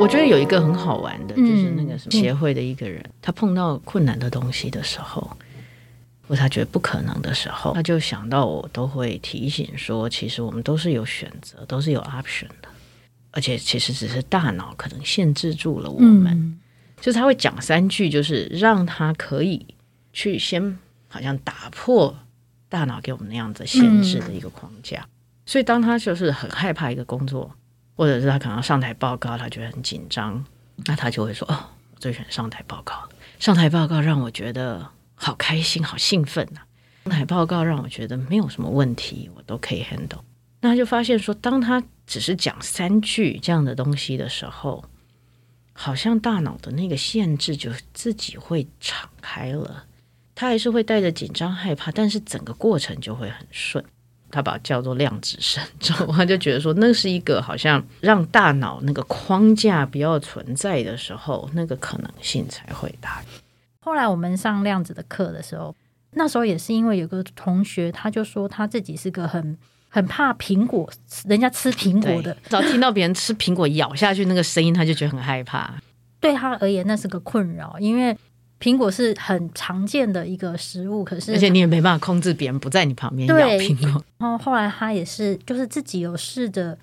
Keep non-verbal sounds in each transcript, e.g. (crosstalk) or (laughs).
我覺得有一個很好玩的，就是那個什麼協會的一個人，他碰到困難的東西的時候，或他覺得不可能的時候，他就想到我都會提醒說，其實我們都是有選擇，都是有 option 的，而且其實只是大腦可能限制住了我們。嗯、就是他會講三句，就是讓他可以去先好像打破大腦給我們那樣子限制的一個框架。嗯、所以當他就是很害怕一個工作。或者是他可能上台報告，他覺得很緊張，那他就會說：“哦，我最喜歡上台報告，上台報告讓我覺得好開心、好興奮吶、啊！上台報告讓我覺得沒有什麼問題，我都可以 handle。”那他就發現說，當他只是講三句這樣的東西的時候，好像大腦的那個限制就自己會敞開了。他還是會帶着緊張、害怕，但是整個過程就會很順。他把他叫做量子神咒，他就覺得說，那是一個好像讓大腦那個框架不要存在的時候，那個可能性才會大。後來我們上量子的課的時候，那時候也是因為有個同學，他就說他自己是個很很怕蘋果，人家吃蘋果的，只要聽到別人吃蘋果咬下去那個聲音，他就覺得很害怕。對他而言，那是個困擾，因為，蘋果是很常見的一個食物，可是而且你也沒辦法控制別人不在你旁邊咬蘋果。然後後來他也是，就是自己有試着，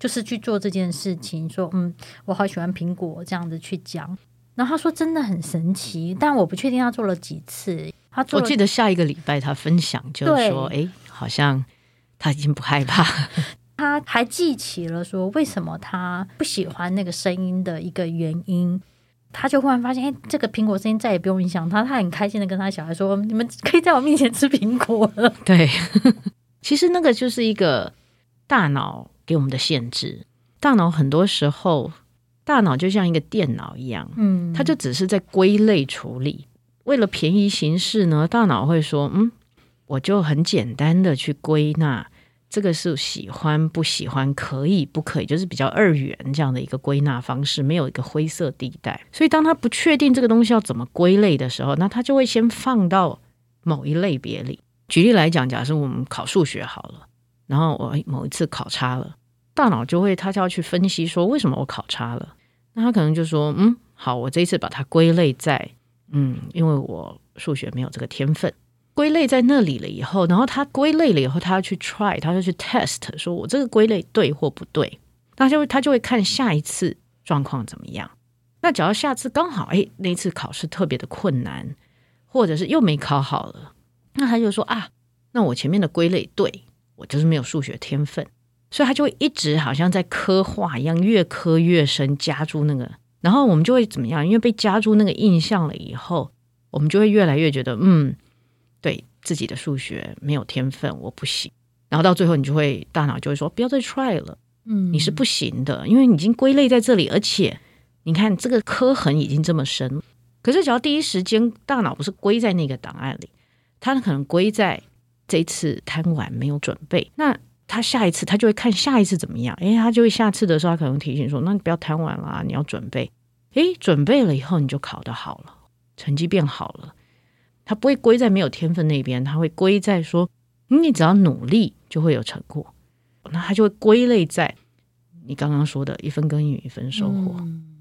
就是去做這件事情，說嗯，我好喜歡蘋果這樣子去講。然後他說真的很神奇，但我不確定他做了幾次。他做我記得下一個禮拜他分享就是說，哎對，好像他已經不害怕，他還記起了說為什麼他不喜歡那個聲音的一個原因。他就忽然發現，哎、欸，這個蘋果聲音再也不用影響他，他很開心的跟他小孩說：“你們可以在我面前吃蘋果了。對”對，其實那個就是一個大腦給我們的限制。大腦很多時候，大腦就像一個電腦一樣，嗯，它就只是在歸類處理。為了便宜行事呢，大腦會說：“嗯，我就很簡單的去歸納。”這個是喜歡不喜歡、可以不可以，就是比較二元這樣的一個歸納方式，沒有一個灰色地帶。所以，當他不確定這個東西要怎麼歸類的時候，那他就會先放到某一類別裡。舉例來講，假設我們考數學好了，然後我某一次考差了，大腦就會他就要去分析說，為什麼我考差了？那他可能就說，嗯，好，我這一次把它歸類在，嗯，因為我數學沒有這個天分。歸類在那裡了以後，然後他歸類了以後，他要去 try，他就去 test，說我這個歸類對或不對。那就會他就會看下一次狀況怎麼樣？那只要下次剛好哎，那一次考試特別的困難，或者是又沒考好了，那他就說啊，那我前面的歸類對，我就是沒有數學天分，所以他就會一直好像在刻畫一樣，越刻越深，加註那個。然後我們就會怎麼樣？因為被加註那個印象了以後，我們就會越來越覺得嗯。對自己的數學沒有天分，我不行。然後到最後，你就會大腦就會說：“不要再 try 了，嗯，你是不行的，因為你已經歸類在這裡，而且你看這個刻痕已經這麼深了。可是只要第一時間，大腦不是歸在那個檔案裡，他可能歸在這一次貪玩沒有準備。那他下一次他就會看下一次怎麼樣？誒，他就會下次的時候，他可能提醒說：那你不要貪玩了啊，你要準備。誒，準備了以後，你就考得好了，成績變好了。”他不會歸在沒有天分那邊，他會歸在說，你只要努力就會有成果，那他就會歸類在你剛剛說的一分耕耘一分收穫。嗯、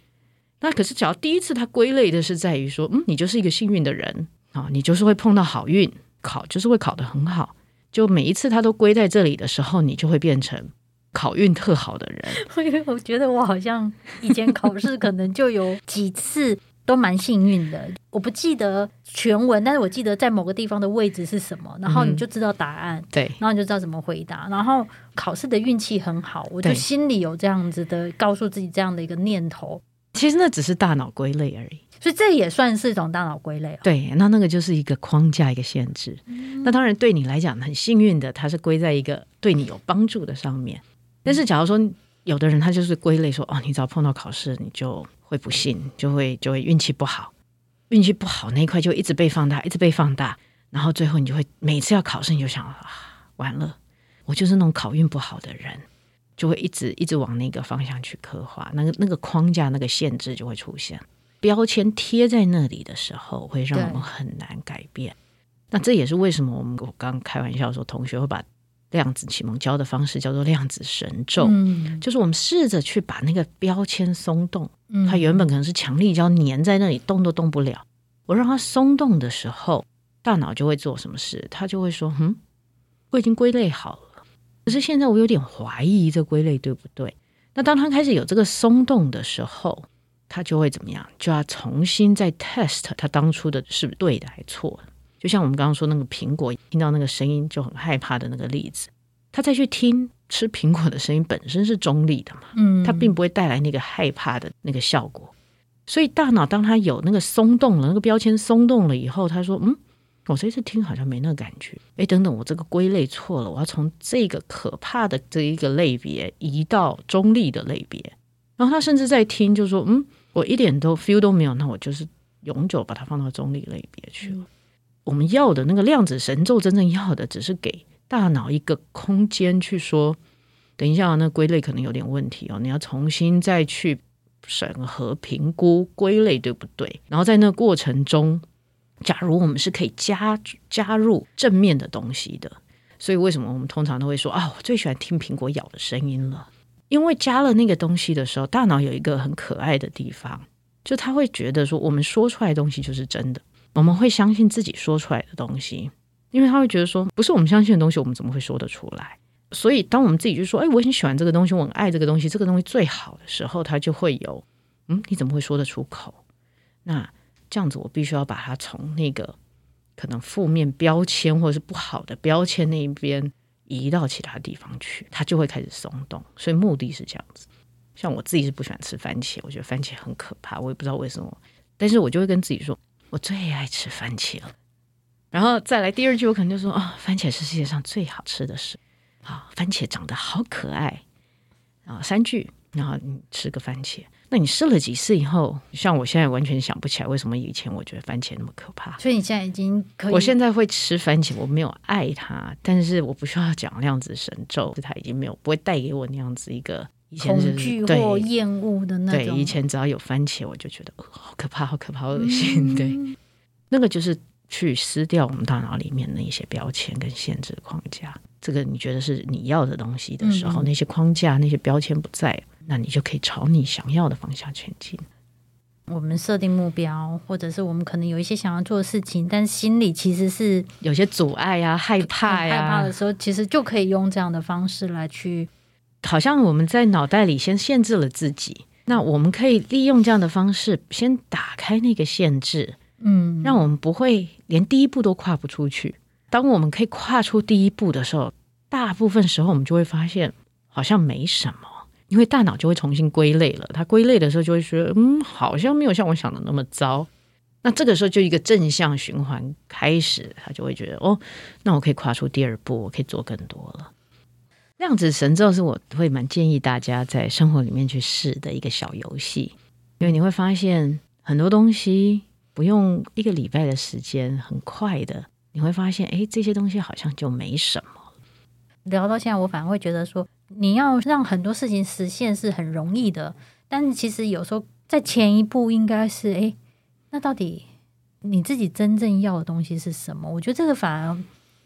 那可是只要第一次他歸類的是在於說，嗯，你就是一個幸運的人啊，你就是會碰到好運，考就是會考得很好。就每一次他都歸在這裡的時候，你就會變成考運特好的人。因為我覺得我好像以前考試可能就有幾次。 (laughs) 都蠻幸運的，我不記得全文，但是我記得在某個地方的位置是什麼，然後你就知道答案，嗯、對，然後你就知道怎麼回答，然後考試的運氣很好，對我就心裡有這樣子的告訴自己這樣的一個念頭。其實那只是大腦歸類而已，所以這也算是一種大腦歸類。哦。對，那那個就是一個框架，一個限制。嗯、那當然對你來講很幸運的，它是歸在一個對你有幫助的上面。但是假如說，嗯有的人他就是歸類說，哦，你只要碰到考試，你就會不幸，就會就會運氣不好，運氣不好那一塊就一直被放大，一直被放大，然後最後你就會每次要考試，你就想啊，完了，我就是那種考運不好的人，就會一直一直往那個方向去刻畫，那個那個框架那個限制就會出現，標籤貼在那裡的時候，會讓我們很難改變。對那這也是為什麼我們我剛開玩笑說，同學會把。量子啟蒙教的方式叫做量子神咒，嗯、就是我們試着去把那個標籤鬆動。嗯、它原本可能是強力膠粘在那裡，動都動不了。我讓它鬆動的時候，大腦就會做什麼事？它就會說：“哼、嗯，我已經歸類好了，可是現在我有點懷疑這歸類對不對。”那當它開始有這個鬆動的時候，它就會怎麼樣？就要重新再 test 它當初的是不是對的，還錯。就像我們剛剛說那個蘋果，聽到那個聲音就很害怕的那個例子，他再去聽吃蘋果的聲音本身是中立的嘛，嗯，他並不會帶來那個害怕的那個效果。嗯、所以大腦當他有那個鬆動了，那個標籤鬆動了以後，他說：“嗯，我這次聽好像沒那個感覺。”哎，等等，我這個歸類錯了，我要從這個可怕的這一個類別移到中立的類別。然後他甚至在聽就說：“嗯，我一點都 feel 都沒有，那我就是永久把它放到中立類別去了。嗯”我們要的那個量子神咒，真正要的只是給大腦一個空間去說，等一下，那歸類可能有點問題哦，你要重新再去審核、評估、歸類，對不對？然後在那個過程中，假如我們是可以加加入正面的東西的，所以為什麼我們通常都會說啊、哦，我最喜歡聽蘋果咬的聲音了。因為加了那個東西的時候，大腦有一個很可愛的地方，就他會覺得說，我們說出來的東西就是真的。我們會相信自己說出來的東西，因為他會覺得說不是我們相信的東西，我們怎麼會說得出來？所以當我們自己就說：“哎，我很喜歡這個東西，我很愛這個東西，這個東西最好的時候，他就會有，嗯，你怎麼會說得出口？那這樣子，我必須要把它從那個可能負面標籤或者是不好的標籤那一邊移到其他地方去，它就會開始鬆動。所以目的是這樣子。像我自己是不喜歡吃番茄，我覺得番茄很可怕，我也不知道為什麼，但是我就會跟自己說。我最愛吃番茄了，然後再來第二句，我可能就說啊、哦，番茄是世界上最好吃的食物。啊、哦，番茄長得好可愛。啊、哦，三句，然後你吃個番茄，那你試了幾次以後，像我現在完全想不起來為什麼以前我覺得番茄那麼可怕。所以你現在已經可以，我現在會吃番茄，我沒有愛它，但是我不需要講量子神咒，它已經沒有，不會帶給我那樣子一個。以前就是、恐懼或厭惡的那種對。對，以前只要有番茄，我就覺得好可怕，好可怕，好噁心。嗯、對，那個就是去撕掉我們大腦裡面的一些標籤跟限制框架。這個你覺得是你要的東西的時候，嗯嗯，那些框架、那些標籤不在，那你就可以朝你想要的方向前進。我們設定目標，或者是我們可能有一些想要做的事情，但是心裡其實是有些阻礙啊、害怕呀、啊啊、害怕的時候，其實就可以用這樣的方式來去。好像我們在腦袋裡先限制了自己，那我們可以利用這樣的方式先打開那個限制，嗯，讓我們不會連第一步都跨不出去。當我們可以跨出第一步的時候，大部分時候我們就會發現好像沒什麼，因為大腦就會重新歸類了。它歸類的時候就會覺得，嗯，好像沒有像我想的那麼糟。那這個時候就一個正向循環開始，他就會覺得哦，那我可以跨出第二步，我可以做更多了。這樣子神咒是我會蠻建議大家在生活裡面去試的一個小遊戲，因為你會發現很多東西不用一個禮拜的時間，很快的你會發現，哎、欸，這些東西好像就沒什麼。聊到現在，我反而會覺得說，你要讓很多事情實現是很容易的，但是其實有時候在前一步應該是，哎、欸，那到底你自己真正要的東西是什麼？我覺得這個反而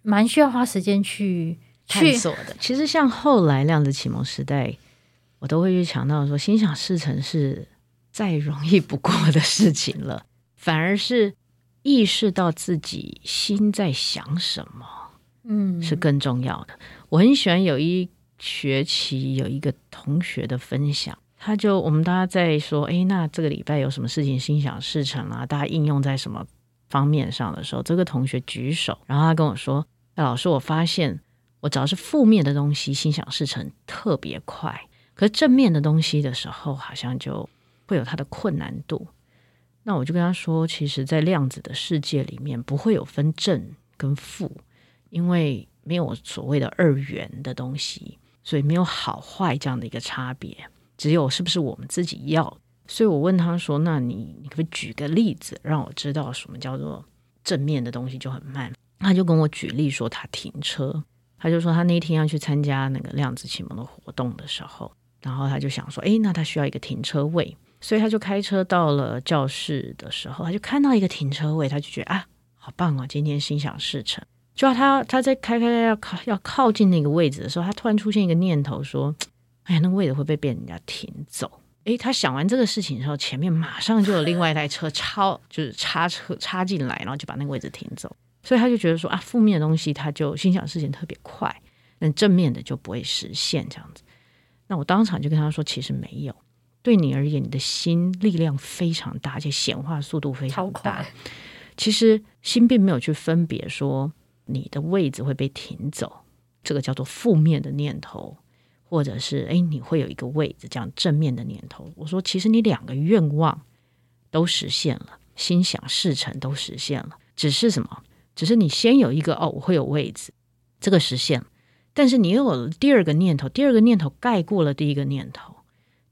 蠻需要花時間去。探索的，其實像後來量子啟蒙時代，我都會去強調說，心想事成是再容易不過的事情了，反而是意識到自己心在想什麼，嗯，是更重要的。我很喜歡有一學期有一個同學的分享，他就我們大家在說，哎，那這個禮拜有什麼事情心想事成啊？大家應用在什麼方面上的時候，這個同學舉手，然後他跟我說：“哎，老師，我發現。”我只要是負面的東西，心想事成特別快。可是正面的東西的時候，好像就會有它的困難度。那我就跟他說，其實，在量子的世界裡面，不會有分正跟負，因為沒有所謂的二元的東西，所以沒有好壞這樣的一個差別，只有是不是我們自己要。所以我問他說：“那你，你可不可以舉個例子，讓我知道什麼叫做正面的東西就很慢？”他就跟我舉例說，他停車。他就說他那一天要去參加那個量子啟蒙的活動的時候，然後他就想說，哎，那他需要一個停車位，所以他就開車到了教室的時候，他就看到一個停車位，他就覺得啊，好棒啊、哦，今天心想事成。就要他他在開開要靠要靠近那個位置的時候，他突然出現一個念頭說，哎呀，那個位置會被別人家停走。哎，他想完這個事情的時候，前面馬上就有另外一台車超 (laughs) 就是插車插進來，然後就把那個位置停走。所以他就覺得說啊，負面的東西他就心想事情特別快，但正面的就不會實現這樣子。那我當場就跟他說，其實沒有。對你而言，你的心力量非常大，而且顯化速度非常快。超大。其實心並沒有去分別說你的位置會被停走，這個叫做負面的念頭，或者是哎，你會有一個位置，這樣正面的念頭。我說，其實你兩個願望都實現了，心想事成都實現了，只是什麼？只是你先有一個哦，我會有位置，這個實現了。但是你又有了第二個念頭，第二個念頭蓋過了第一個念頭。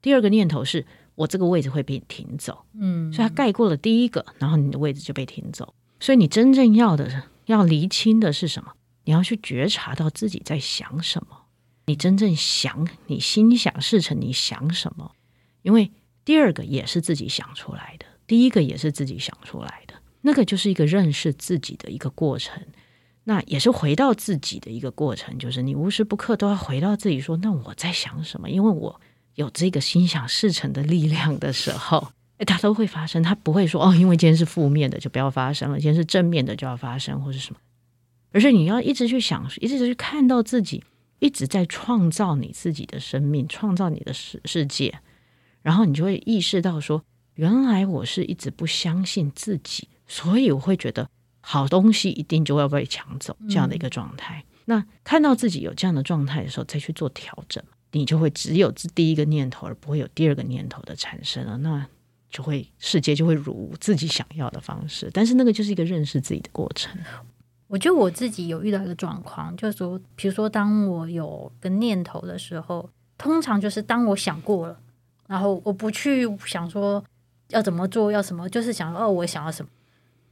第二個念頭是我這個位置會被停走，嗯，所以它蓋過了第一個，然後你的位置就被停走。所以你真正要的，要釐清的是什麼？你要去覺察到自己在想什麼，你真正想，你心想事成，你想什麼？因為第二個也是自己想出來的，第一個也是自己想出來的。那個就是一個認識自己的一個過程，那也是回到自己的一個過程，就是你無時不刻都要回到自己說，說那我在想什麼？因為我有這個心想事成的力量的時候，哎、欸，它都會發生，它不會說哦，因為今天是負面的就不要發生了，今天是正面的就要發生或是什麼，而是你要一直去想，一直去看到自己一直在創造你自己的生命，創造你的世世界，然後你就會意識到說，原來我是一直不相信自己。所以我會覺得好東西一定就要被搶走，這樣的一個狀態。嗯。那看到自己有這樣的狀態的時候，再去做調整，你就會只有第一個念頭，而不會有第二個念頭的產生了。那就會世界就會如自己想要的方式。但是那個就是一個認識自己的過程。我覺得我自己有遇到一個狀況，就是說，比如說，當我有個念頭的時候，通常就是當我想過了，然後我不去想說要怎麼做，要什麼，就是想哦，我想要什麼。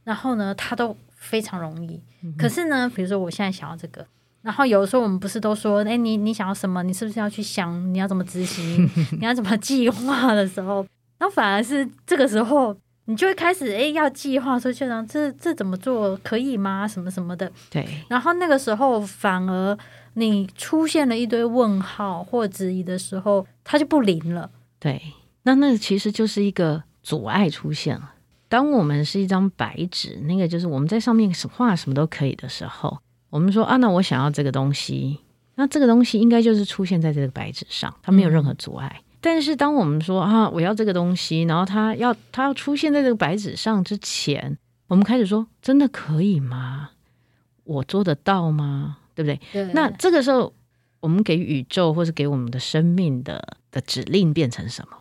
然後呢，他都非常容易。嗯、哼可是呢，比如說我現在想要這個，然後有時候我們不是都說，哎，你你想要什麼？你是不是要去想，你要怎麼執行？ (laughs) 你要怎麼計劃的時候，然後反而是這個時候，你就會開始哎，要計劃說，這樣這這怎麼做可以嗎？什麼什麼的。對。然後那個時候，反而你出現了一堆問號或質疑的時候，它就不靈了。對。那那個、其實就是一個阻礙出現了。當我們是一張白紙，那個就是我們在上面畫什麼都可以的時候，我們說啊，那我想要這個東西，那這個東西應該就是出現在這個白紙上，它沒有任何阻礙。嗯、但是當我們說啊，我要這個東西，然後它要它要出現在這個白紙上之前，我們開始說，真的可以嗎？我做得到嗎？對不對？對，那這個時候，我們給宇宙或是給我們的生命的的指令變成什麼？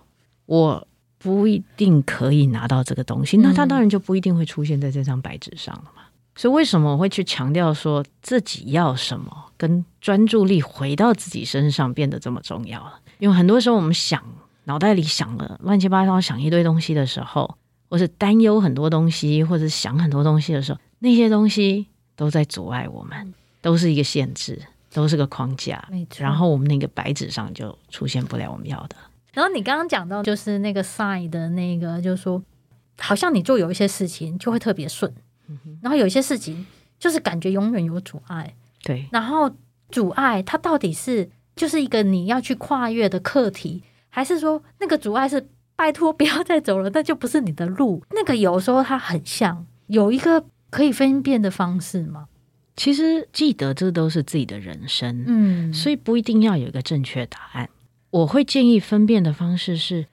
我。不一定可以拿到這個東西，那他當然就不一定會出現在這張白紙上了嘛。嗯。所以為什麼我會去強調說自己要什麼，跟專注力回到自己身上變得這麼重要了？因為很多時候我們想腦袋裡想了亂七八糟，想一堆東西的時候，或是擔憂很多東西，或者想很多東西的時候，那些東西都在阻礙我們，都是一個限制，都是個框架。沒錯。然後我們那個白紙上就出現不了我們要的。然後你剛剛講到，就是那個 sign 的那個，就是說，好像你做有一些事情就會特別順，嗯哼，然後有一些事情就是感覺永遠有阻礙。對，然後阻礙它到底是就是一個你要去跨越的課題，還是說那個阻礙是拜托不要再走了，那就不是你的路？那個有時候它很像，有一個可以分辨的方式嗎？其實記得這都是自己的人生，嗯，所以不一定要有一個正確答案。我會建議分辨的方式是，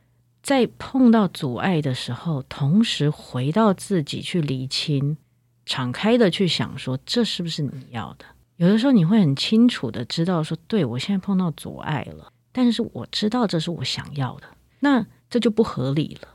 在碰到阻礙的時候，同時回到自己去釐清，敞開的去想說，這是不是你要的？有的時候你會很清楚的知道說，對，我現在碰到阻礙了，但是我知道這是我想要的，那這就不合理了。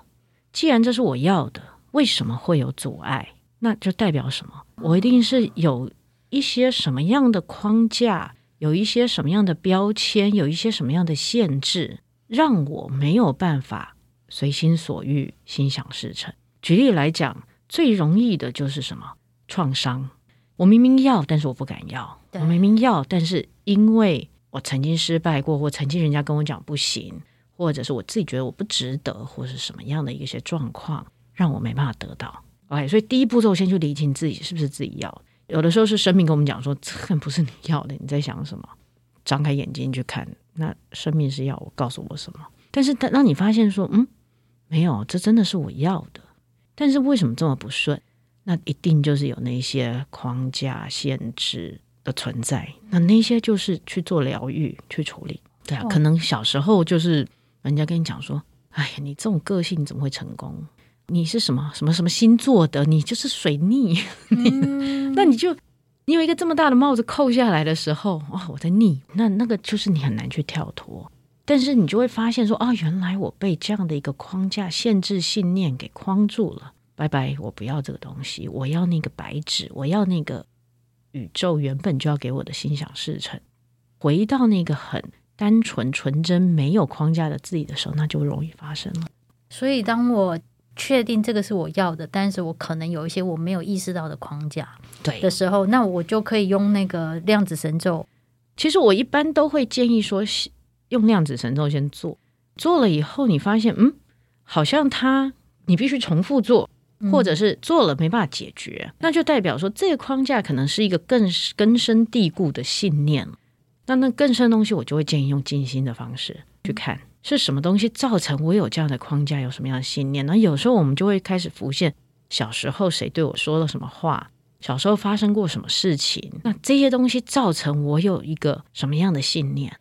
既然這是我要的，為什麼會有阻礙？那就代表什麼？我一定是有一些什麼樣的框架，有一些什麼樣的標籤，有一些什麼樣的限制，讓我沒有辦法隨心所欲、心想事成。舉例來講，最容易的就是什麼？創傷。我明明要，但是我不敢要。對我明明要，但是因為我曾經失敗過，或曾經人家跟我講不行，或者是我自己覺得我不值得，或是什麼樣的一些狀況，讓我沒辦法得到。OK，所以第一步驟先去理清自己是不是自己要。有的時候是生命跟我們講說，這不是你要的，你在想什麼？張開眼睛去看，那生命是要我告訴我什麼？但是當當你發現說，嗯，沒有，這真的是我要的，但是為什麼這麼不順？那一定就是有那些框架限制的存在。那那些就是去做療癒去處理，對啊，哦、可能小時候就是人家跟你講說，哎呀，你這種個性怎麼會成功？你是什麼什麼什麼星座的？你就是水逆，你嗯、那你就你有一個這麼大的帽子扣下來的時候，哇、哦，我在逆，那那個就是你很難去跳脫。但是你就會發現說，啊，原來我被這樣的一個框架限制信念給框住了。拜拜，我不要這個東西，我要那個白紙，我要那個宇宙原本就要給我的心想事成。回到那個很單純純真沒有框架的自己的時候，那就容易發生了。所以當我。確定這個是我要的，但是我可能有一些我沒有意識到的框架對的時候，對那我就可以用那個量子神咒。其實我一般都會建議說，用量子神咒先做。做了以後，你發現，嗯，好像它，你必須重複做，或者是做了沒辦法解決，嗯、那就代表說這個框架可能是一個更根深蒂固的信念。那那更深的東西，我就會建議用靜心的方式去看。嗯是什麼東西造成我有這樣的框架，有什麼樣的信念？那有時候我們就會開始浮現小時候誰對我說了什麼話，小時候發生過什麼事情？那這些東西造成我有一個什麼樣的信念，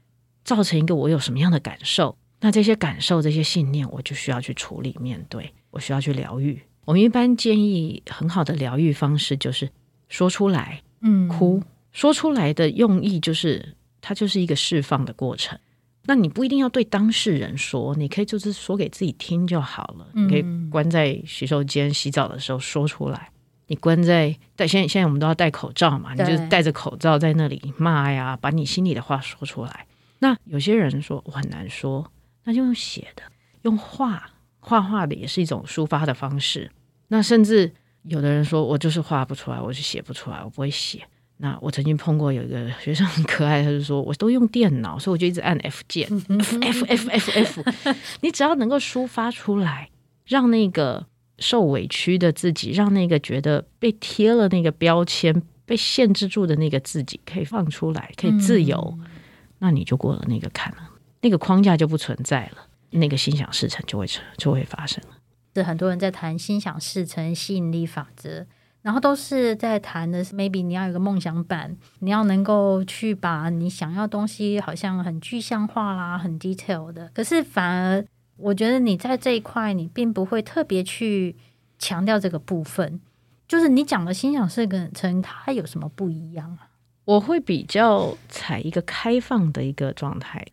造成一個我有什麼樣的感受？那這些感受、這些信念，我就需要去處理、面對，我需要去療癒。我們一般建議很好的療癒方式就是說出來，嗯，哭。說出來的用意就是，它就是一個釋放的過程。那你不一定要對當事人說，你可以就是說給自己聽就好了。嗯、你可以關在洗手間、洗澡的時候說出來。你關在戴，現在現在我們都要戴口罩嘛，對你就戴着口罩在那裡罵呀，把你心裡的話說出來。那有些人說我很難說，那就用寫的，用畫，畫畫的也是一種抒發的方式。那甚至有的人說我就是畫不出來，我就是寫不出來，我不會寫。那我曾經碰過有一個學生很可愛的，他就說，我都用電腦，所以我就一直按 F 鍵、嗯、F F F F, F。 (laughs) 你只要能夠抒發出來，讓那個受委屈的自己，讓那個覺得被貼了那個標籤、被限制住的那個自己，可以放出來，可以自由，嗯、那你就過了那個坎了。那個框架就不存在了，那個心想事成就會成，就會發生了。是很多人在談心想事成、吸引力法則。然後都是在談的是，maybe 你要有個夢想版，你要能夠去把你想要東西，好像很具象化啦，很 detail 的。可是反而我覺得你在這一塊，你並不會特別去強調這個部分。就是你講的心想事成，它有什麼不一樣啊？我會比較踩一個開放的一個狀態。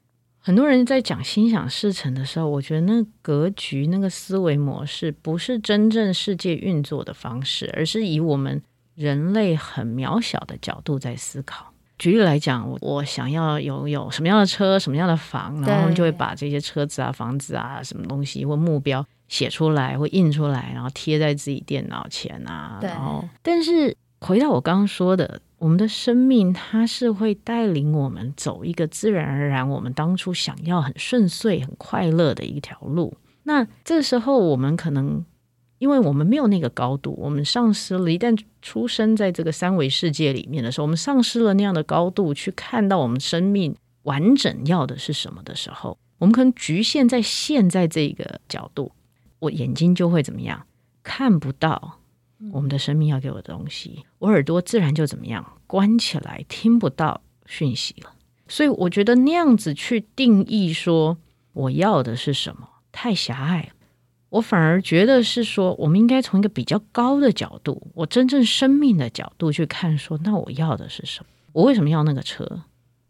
很多人在講心想事成的時候，我覺得那格局、那個思維模式不是真正世界運作的方式，而是以我們人類很渺小的角度在思考。舉例來講，我，我想要有有什麼樣的車、什麼樣的房，然後就會把這些車子啊、房子啊、什麼東西或目標寫出來或印出來，然後貼在自己電腦前啊。對。然後，但是。回到我剛剛說的，我們的生命它是會帶領我們走一個自然而然，我們當初想要很順遂、很快樂的一條路。那這時候我們可能，因為我們沒有那個高度，我們喪失了。一旦出生在這個三維世界裡面的時候，我們喪失了那樣的高度，去看到我們生命完整要的是什麼的時候，我們可能局限在現在這個角度，我眼睛就會怎麼樣，看不到。我們的生命要給我的東西，我耳朵自然就怎麼樣關起來，聽不到訊息了。所以我覺得那樣子去定義說我要的是什麼，太狹隘了。我反而覺得是說，我們應該從一個比較高的角度，我真正生命的角度去看，說那我要的是什麼？我為什麼要那個車？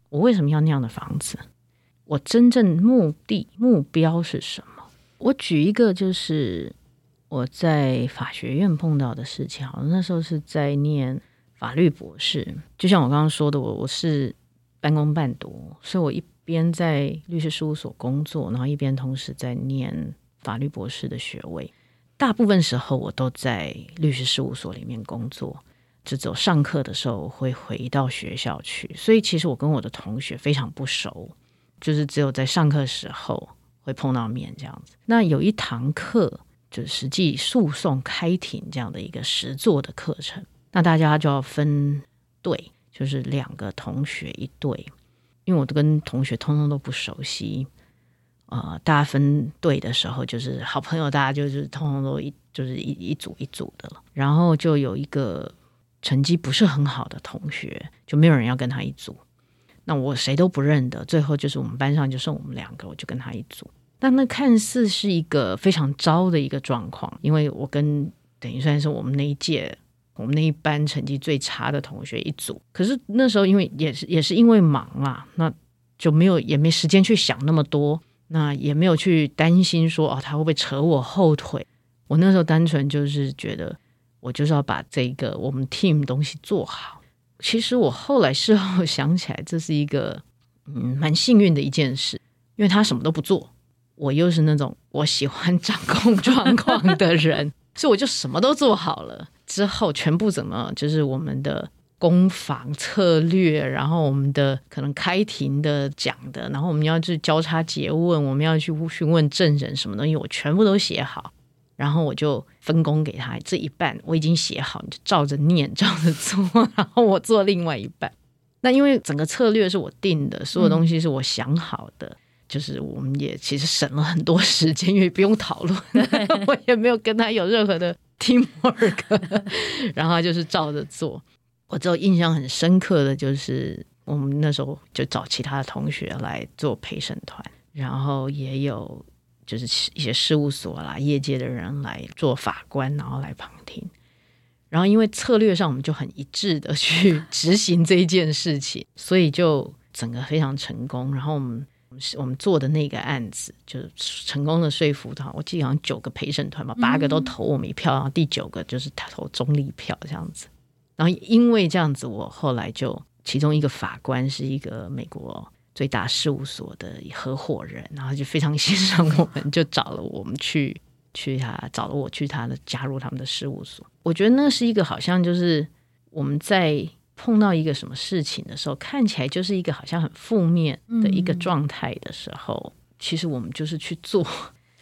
我為什麼要那樣的房子？我真正目的目標是什麼？我舉一個就是。我在法學院碰到的事情，好像那時候是在念法律博士。就像我剛剛說的，我我是半工半讀，所以我一邊在律師事務所工作，然後一邊同時在念法律博士的學位。大部分時候我都在律師事務所裡面工作，就只有上課的時候會回到學校去。所以其實我跟我的同學非常不熟，就是只有在上課時候會碰到面這樣子。那有一堂課。就是實際訴訟開庭這樣的一個實作的課程，那大家就要分隊，就是兩個同學一隊。因為我都跟同學通通都不熟悉，呃，大家分隊的時候，就是好朋友，大家就是通通都一就是一一組一組的了。然後就有一個成績不是很好的同學，就沒有人要跟他一組。那我誰都不認得，最後就是我們班上就剩我們兩個，我就跟他一組。但那看似是一個非常糟的一個狀況，因為我跟等於算是我們那一屆，我們那一班成績最差的同學一組。可是那時候因為也是也是因為忙啊，那就沒有也沒時間去想那麼多，那也沒有去擔心說哦，他會不會扯我後腿。我那時候單純就是覺得我就是要把這個我們 team 東西做好。其實我後來事後想起來，這是一個嗯蠻幸運的一件事，因為他什麼都不做。我又是那種我喜歡掌控狀況的人， (laughs) 所以我就什麼都做好了。之後全部怎麼就是我們的攻防策略，然後我們的可能開庭的講的，然後我們要去交叉詰問，我們要去詢問證人什麼東西，我全部都寫好。然後我就分工給他，這一半我已經寫好，你就照着念，照着做，然後我做另外一半。那因為整個策略是我定的，所有東西是我想好的。嗯就是我們也其實省了很多時間，因為不用討論， (laughs) 我也沒有跟他有任何的 teamwork， (laughs) 然後就是照着做。我之後印象很深刻的就是，我們那時候就找其他的同學來做陪審團，然後也有就是一些事務所啦、業界的人來做法官，然後來旁聽。然後因為策略上我們就很一致的去執行這件事情，所以就整個非常成功。然後我們。我們做的那個案子，就是成功的說服他。我記得好像九個陪審團吧，八個都投我們一票，然後第九個就是他投中立票這樣子。然後因為這樣子，我後來就其中一個法官是一個美國最大事務所的合夥人，然後就非常欣賞我們， (laughs) 就找了我們去去他找了我去他的加入他們的事務所。我覺得那是一個好像就是我們在。碰到一個什麼事情的時候，看起來就是一個好像很負面的一個狀態的時候，嗯、其實我們就是去做。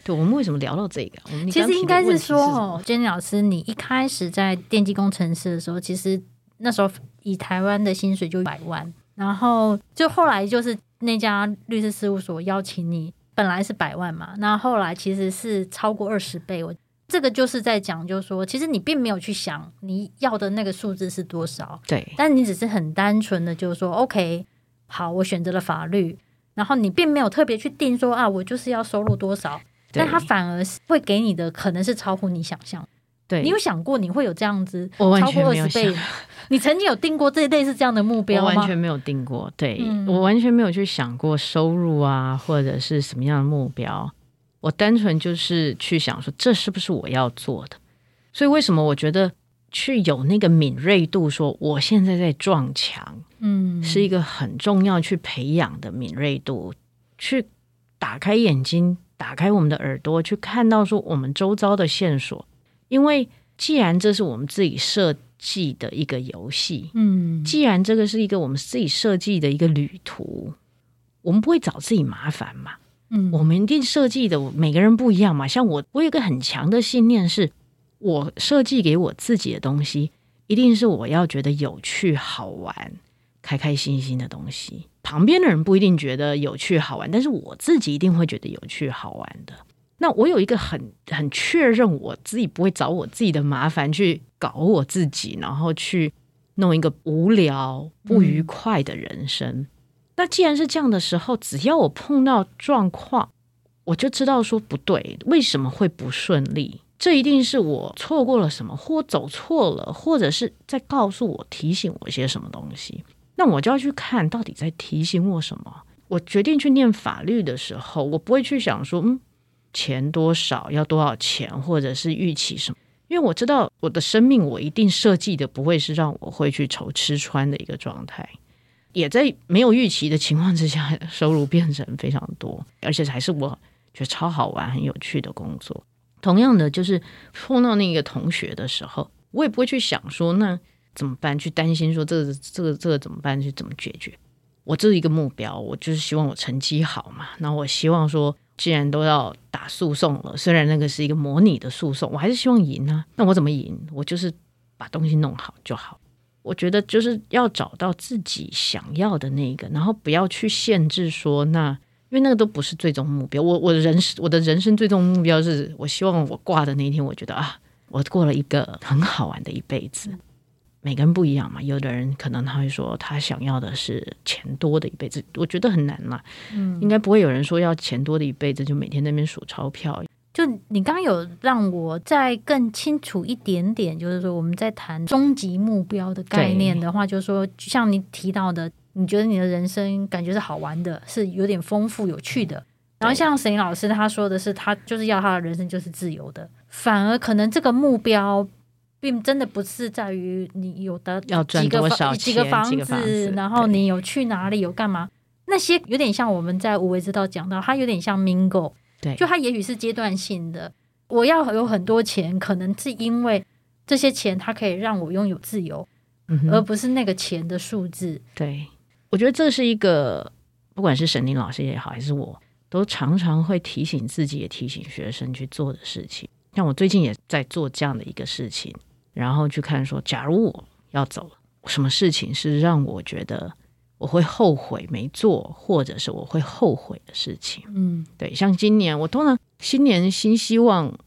對我們為什麼聊到這個？我們其實應該是說，哦，Jenny 老師，你一開始在電機工程師的時候，其實那時候以台灣的薪水就百萬，然後就後來就是那家律師事務所邀請你，本來是百萬嘛，那後，後來其實是超過二十倍。我這個就是在講，就是說，其實你並沒有去想你要的那個數字是多少，對。但你只是很單純的，就是說，OK，好，我選擇了法律，然後你並沒有特別去定說啊，我就是要收入多少，對但他反而是會給你的可能是超乎你想象。對。你有想過你會有這樣子超過20倍？我完全沒有想過。 (laughs) 你曾經有定過這一類似這樣的目標嗎？我完全沒有定過，對、嗯、我完全沒有去想過收入啊，或者是什麼樣的目標。我單純就是去想說，這是不是我要做的？所以為什麼我覺得去有那個敏銳度說，說我現在在撞牆，嗯，是一個很重要去培養的敏銳度，去打開眼睛，打開我們的耳朵，去看到說我們周遭的線索。因為既然這是我們自己設計的一個遊戲，嗯，既然這個是一個我們自己設計的一個旅途，我們不會找自己麻煩嘛。嗯，我們一定設計的每個人不一樣嘛。像我，我有一個很強的信念是，我設計給我自己的東西，一定是我要覺得有趣、好玩、開開心心的東西。旁邊的人不一定覺得有趣、好玩，但是我自己一定會覺得有趣、好玩的。那我有一個很很確認，我自己不會找我自己的麻煩去搞我自己，然後去弄一個無聊、不愉快的人生。嗯那既然是這樣的時候，只要我碰到狀況，我就知道說不對，為什麼會不順利？這一定是我錯過了什麼，或走錯了，或者是在告訴我、提醒我些什麼東西。那我就要去看到底在提醒我什麼。我決定去念法律的時候，我不會去想說，嗯，錢多少要多少錢，或者是預期什麼，因為我知道我的生命，我一定設計的不會是讓我會去愁吃穿的一個狀態。也在沒有預期的情況之下，收入變成非常多，而且還是我覺得超好玩、很有趣的工作。同樣的，就是碰到那個同學的時候，我也不會去想說那怎麼辦，去擔心說這個、這個、這個怎麼辦，去怎麼解決。我這一個目標，我就是希望我成績好嘛。那我希望說，既然都要打訴訟了，雖然那個是一個模擬的訴訟，我還是希望贏啊。那我怎麼贏？我就是把東西弄好就好。我覺得就是要找到自己想要的那個，然後不要去限制說那，因為那個都不是最終目標。我我人生我的人生最終目標是我希望我掛的那一天，我覺得啊，我過了一個很好玩的一輩子。嗯、每個人不一樣嘛，有的人可能他會說他想要的是錢多的一輩子，我覺得很難嘛，嗯，應該不會有人說要錢多的一輩子就每天那邊數鈔票。就你剛剛有讓我再更清楚一點點，就是說，我們在談終極目標的概念的話，對就是說就像你提到的，你覺得你的人生感覺是好玩的，是有點豐富有趣的。對然後像沈老師他說的是，他就是要他的人生就是自由的。反而可能這個目標並真的不是在於你有的要賺多少錢幾個房子，幾個房子然後你有去哪裡對有幹嘛，那些有點像我們在無為之道講到，它有點像 Mingo。對，就它也許是階段性的，我要有很多錢，可能是因為這些錢它可以讓我擁有自由，嗯、哼而不是那個錢的數字。對，我覺得這是一個，不管是沈林老師也好，還是我都常常會提醒自己，也提醒學生去做的事情。像我最近也在做這樣的一個事情，然後去看說，假如我要走了，什麼事情是讓我覺得。我會後悔沒做，或者是我會後悔的事情。嗯，對，像今年我通常新年新希望，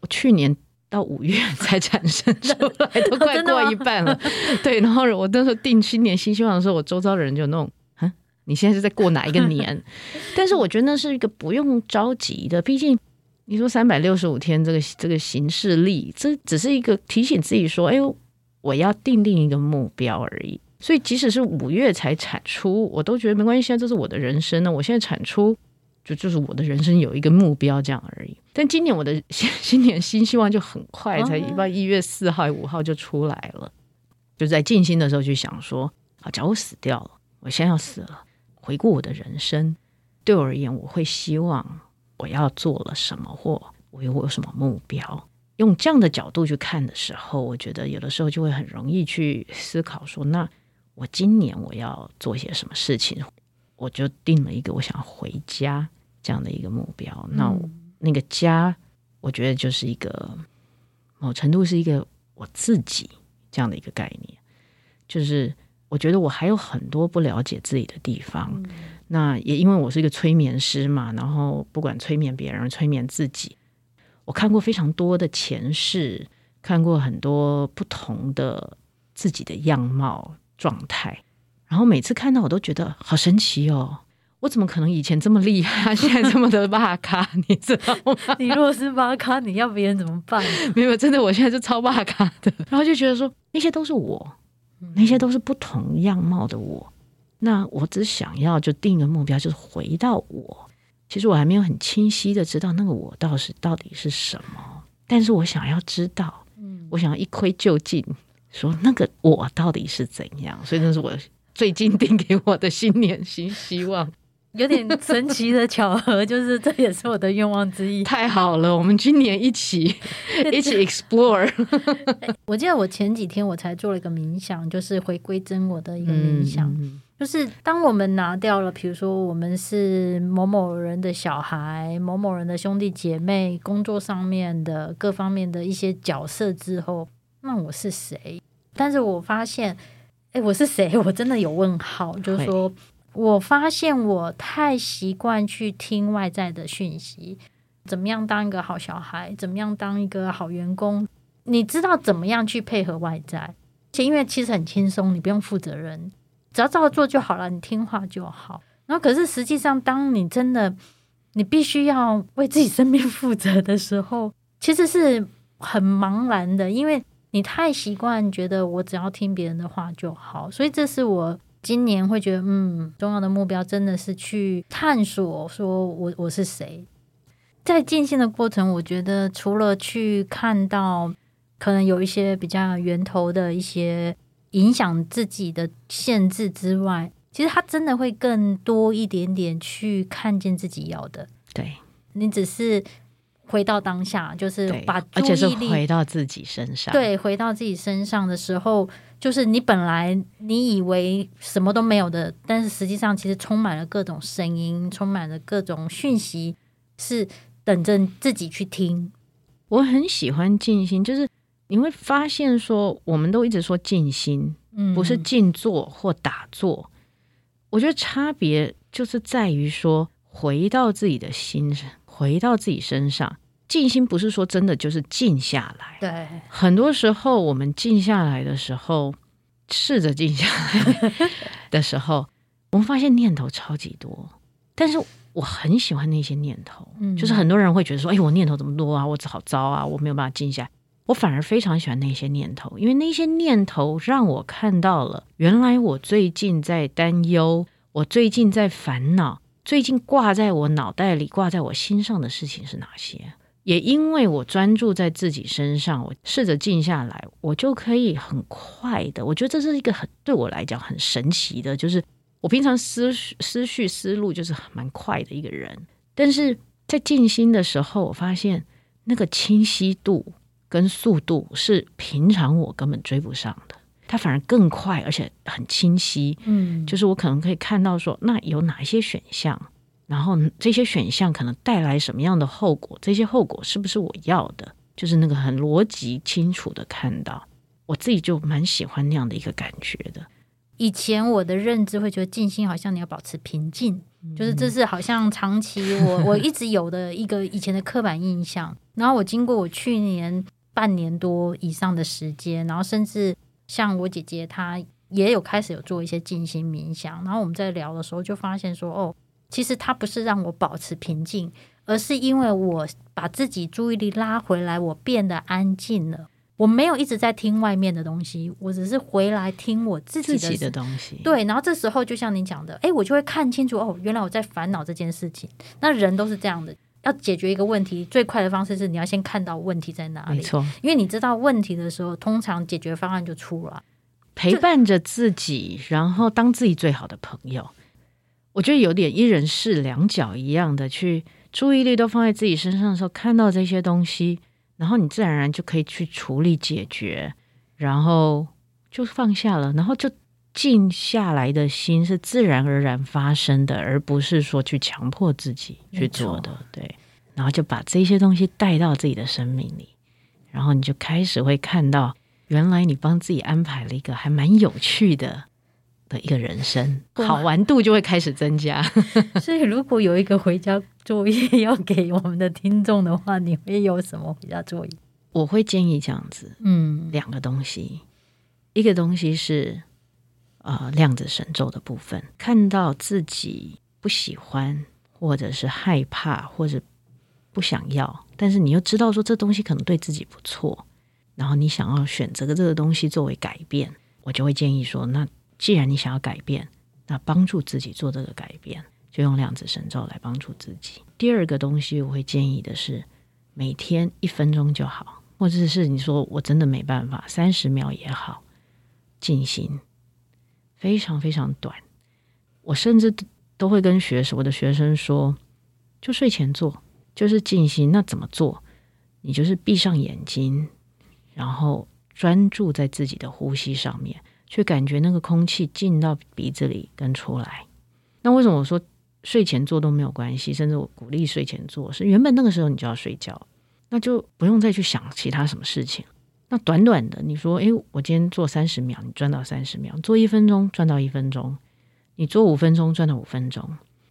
我去年到五月才產生出來， (laughs) 都快過一半了。 (laughs) 對，然後我當時候定新年新希望的時候，我周遭的人就弄：「你現在是在過哪一個年？ (laughs) 但是我覺得是一個不用着急的，畢竟你說三百六十五天這個這個行事曆，這只是一個提醒自己說，哎呦，我要定定一個目標而已。所以，即使是五月才產出，我都覺得沒關係。現在這是我的人生呢。我現在產出，就就是我的人生有一個目標這樣而已。但今年我的今年新希望就很快，才一般一月四號、五號就出來了。啊、就在靜心的時候去想說，好、啊，假如我死掉了，我現在要死了，回顧我的人生，對我而言，我會希望我要做了什麼，或我有我有什麼目標。用這樣的角度去看的時候，我覺得有的時候就會很容易去思考說，那。我今年我要做些什麼事情，我就定了一個我想回家這樣的一個目標。嗯、那那個家，我覺得就是一個某程度是一個我自己這樣的一個概念。就是我覺得我還有很多不了解自己的地方。嗯、那也因為我是一個催眠師嘛，然後不管催眠別人、催眠自己，我看過非常多的前世，看過很多不同的自己的樣貌。狀態，然後每次看到我都覺得好神奇哦！我怎麼可能以前這麼厲害，現在這麼的哇卡？ (laughs) 你這你若是哇卡，你要別人怎麼辦？沒有，真的，我現在是超哇卡的。然後就覺得說，那些都是我，那些都是不同樣貌的我。嗯、那我只想要就定一個目標，就是回到我。其實我還沒有很清晰的知道那個我是到底是什麼，但是我想要知道，嗯，我想要一窺究竟。說那個我到底是怎樣？所以那是我最近訂給我的新年新希望，有點神奇的巧合， (laughs) 就是這也是我的願望之一。太好了，我們今年一起 (laughs) 一起 explore。 (laughs) 我記得我前幾天我才做了一個冥想，就是回歸真我的一個冥想，嗯、就是當我們拿掉了，比如說我們是某某人的小孩、某某人的兄弟姐妹、工作上面的各方面的一些角色之後。那我是誰？但是我發現，哎，我是誰？我真的有問號。對就是說，我發現我太習慣去聽外在的訊息，怎麼樣當一個好小孩，怎麼樣當一個好員工，你知道怎麼樣去配合外在，且因為其實很輕鬆，你不用負責任，只要照做就好了，你聽話就好。然後，可是實際上，當你真的你必須要為自己生命負責的時候，其實是很茫然的，因為。你太習慣覺得我只要聽別人的話就好，所以這是我今年會覺得嗯，重要的目標，真的是去探索，說我我是誰。在進行的過程，我覺得除了去看到可能有一些比較源頭的一些影響自己的限制之外，其實他真的會更多一點點去看見自己要的。對你只是。回到當下，就是把注意力，而且是回到自己身上。對，回到自己身上的時候，就是你本來你以為什麼都沒有的，但是實際上其實充滿了各種聲音，充滿了各種訊息，是等着自己去聽。我很喜歡靜心，就是你會發現說，我們都一直說靜心，嗯，不是靜坐或打坐。我覺得差別就是在於說，回到自己的心上。回到自己身上，靜心不是說真的就是靜下來。對，很多時候我們靜下來的時候，試着靜下來的時候， (laughs) 我們發現念頭超級多。但是我很喜歡那些念頭，就是很多人會覺得說：“嗯、哎，我念頭這麼多啊，我好糟啊，我沒有辦法靜下來。”我反而非常喜歡那些念頭，因為那些念頭讓我看到了原來我最近在擔憂，我最近在煩惱。最近掛在我腦袋裡、掛在我心上的事情是哪些？也因為我專注在自己身上，我試着靜下來，我就可以很快的。我覺得這是一個很，對我來講很神奇的，就是我平常思思緒思路就是蠻快的一個人，但是在靜心的時候，我發現那個清晰度跟速度是平常我根本追不上的。它反而更快，而且很清晰。嗯，就是我可能可以看到說，那有哪一些選項，然後這些選項可能帶來什麼樣的後果，這些後果是不是我要的？就是那個很邏輯清楚的看到，我自己就蠻喜歡那樣的一個感覺的。以前我的認知會覺得靜心好像你要保持平靜，嗯，就是這是好像長期我 (laughs) 我一直有的一個以前的刻板印象。然後我經過我去年半年多以上的時間，然後甚至。像我姐姐，她也有開始有做一些靜心冥想，然後我們在聊的時候就發現說，哦，其實她不是讓我保持平靜，而是因為我把自己注意力拉回來，我變得安靜了，我沒有一直在聽外面的東西，我只是回來聽我自己的，自己的東西。對，然後這時候就像您講的，哎、欸，我就會看清楚，哦，原來我在煩惱這件事情。那人都是這樣的。要解決一個問題，最快的方式是你要先看到問題在哪裡。沒錯錯，因為你知道問題的時候，通常解決方案就出來了。陪伴着自己，就然後當自己最好的朋友，我覺得有點一人飾兩腳一樣的去，注意力都放在自己身上的時候，看到這些東西，然後你自然而然就可以去處理解決，然後就放下了，然後就。靜下來的心是自然而然發生的，而不是說去強迫自己去做的。錯對，然後就把這些東西帶到自己的生命裡，然後你就開始會看到，原來你幫自己安排了一個還蠻有趣的的一個人生，哇好玩度就會開始增加。所 (laughs) 以，如果有一個回家作業要給我們的聽眾的話，你會有什麼回家作業？我會建議這樣子，嗯，兩個東西，一個東西是。呃，量子神咒的部分，看到自己不喜歡，或者是害怕，或者不想要，但是你又知道說這東西可能對自己不錯，然後你想要選擇的這個東西作為改變，我就會建議說，那既然你想要改變，那幫助自己做這個改變，就用量子神咒來幫助自己。第二個東西我會建議的是，每天一分鐘就好，或者是你說我真的沒辦法，三十秒也好，靜心。非常非常短，我甚至都會跟學生我的學生說，就睡前做，就是靜心。那怎麼做？你就是閉上眼睛，然後專注在自己的呼吸上面，去感覺那個空氣進到鼻子裡跟出來。那為什麼我說睡前做都沒有關係？甚至我鼓勵睡前做，是原本那個時候你就要睡覺，那就不用再去想其他什麼事情。那短短的，你說，誒，我今天做三十秒，你賺到三十秒；做一分鐘，賺到一分鐘；你做五分鐘，賺到五分鐘。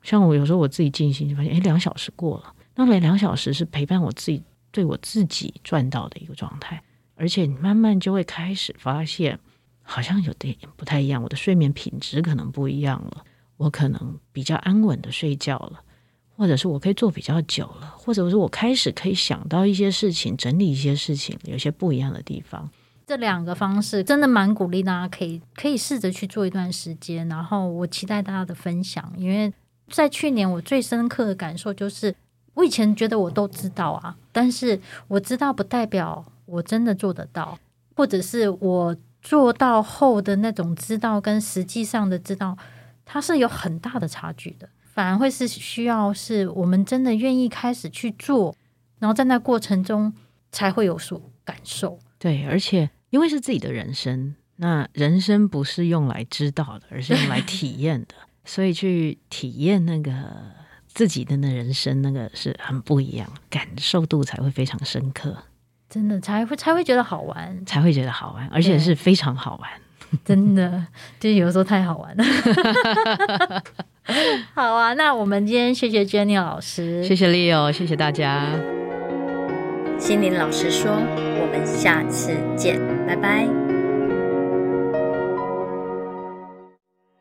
像我有時候我自己靜心就發現，誒，兩小時過了，那兩小時是陪伴我自己，對我自己賺到的一個狀態。而且你慢慢就會開始發現，好像有點不太一樣，我的睡眠品質可能不一樣了，我可能比較安穩的睡覺了。或者是我可以做比較久了，或者是我開始可以想到一些事情，整理一些事情，有些不一樣的地方。這兩個方式真的蠻鼓勵的大家，可以可以試着去做一段時間。然後我期待大家的分享，因為在去年我最深刻的感受就是，我以前覺得我都知道啊，但是我知道不代表我真的做得到，或者是我做到後的那種知道跟實際上的知道，它是有很大的差距的。反而會是需要，是我們真的願意開始去做，然後在那過程中才會有所感受。對，而且因為是自己的人生，那人生不是用來知道的，而是用來體驗的。 (laughs) 所以去體驗那個自己的那人生，那個是很不一樣，感受度才會非常深刻。真的才會才會覺得好玩，才會覺得好玩，而且是非常好玩。 (laughs) 真的，就有的時候太好玩了。 (laughs) (laughs) 好啊，那我們今天謝謝 Jenny 老師，謝謝 Leo，謝謝大家。心靈老實說：“我們下次見，拜拜。”